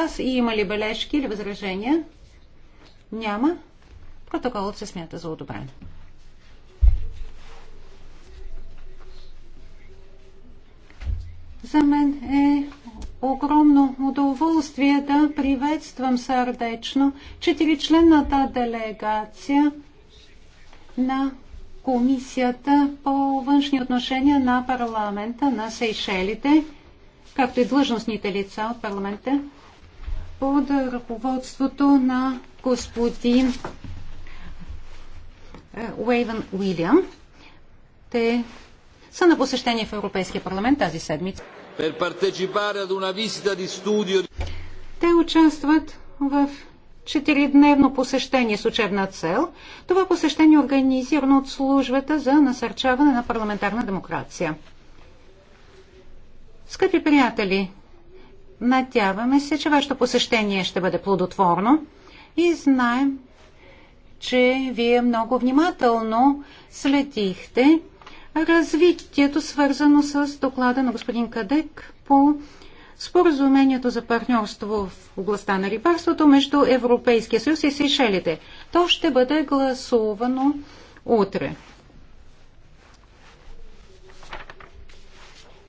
вас. И има ли бележки или възражения? Няма. Протоколът се смята за одобрен. За мен е огромно удоволствие да приветствам сърдечно четиричленната делегация на Комисията по външни отношения на парламента на Сейшелите, както и длъжностните лица от парламента под ръководството на господин е, Уейвен Уилям. Те са на посещение в Европейския парламент тази седмица. Те участват в четиридневно посещение с учебна цел. Това посещение е организирано от службата за насърчаване на парламентарна демокрация. Скъпи приятели, Надяваме се, че вашето посещение ще бъде плодотворно и знаем, че вие много внимателно следихте развитието, свързано с доклада на господин Кадек по споразумението за партньорство в областта на рибарството между Европейския съюз и Сейшелите. То ще бъде гласувано утре.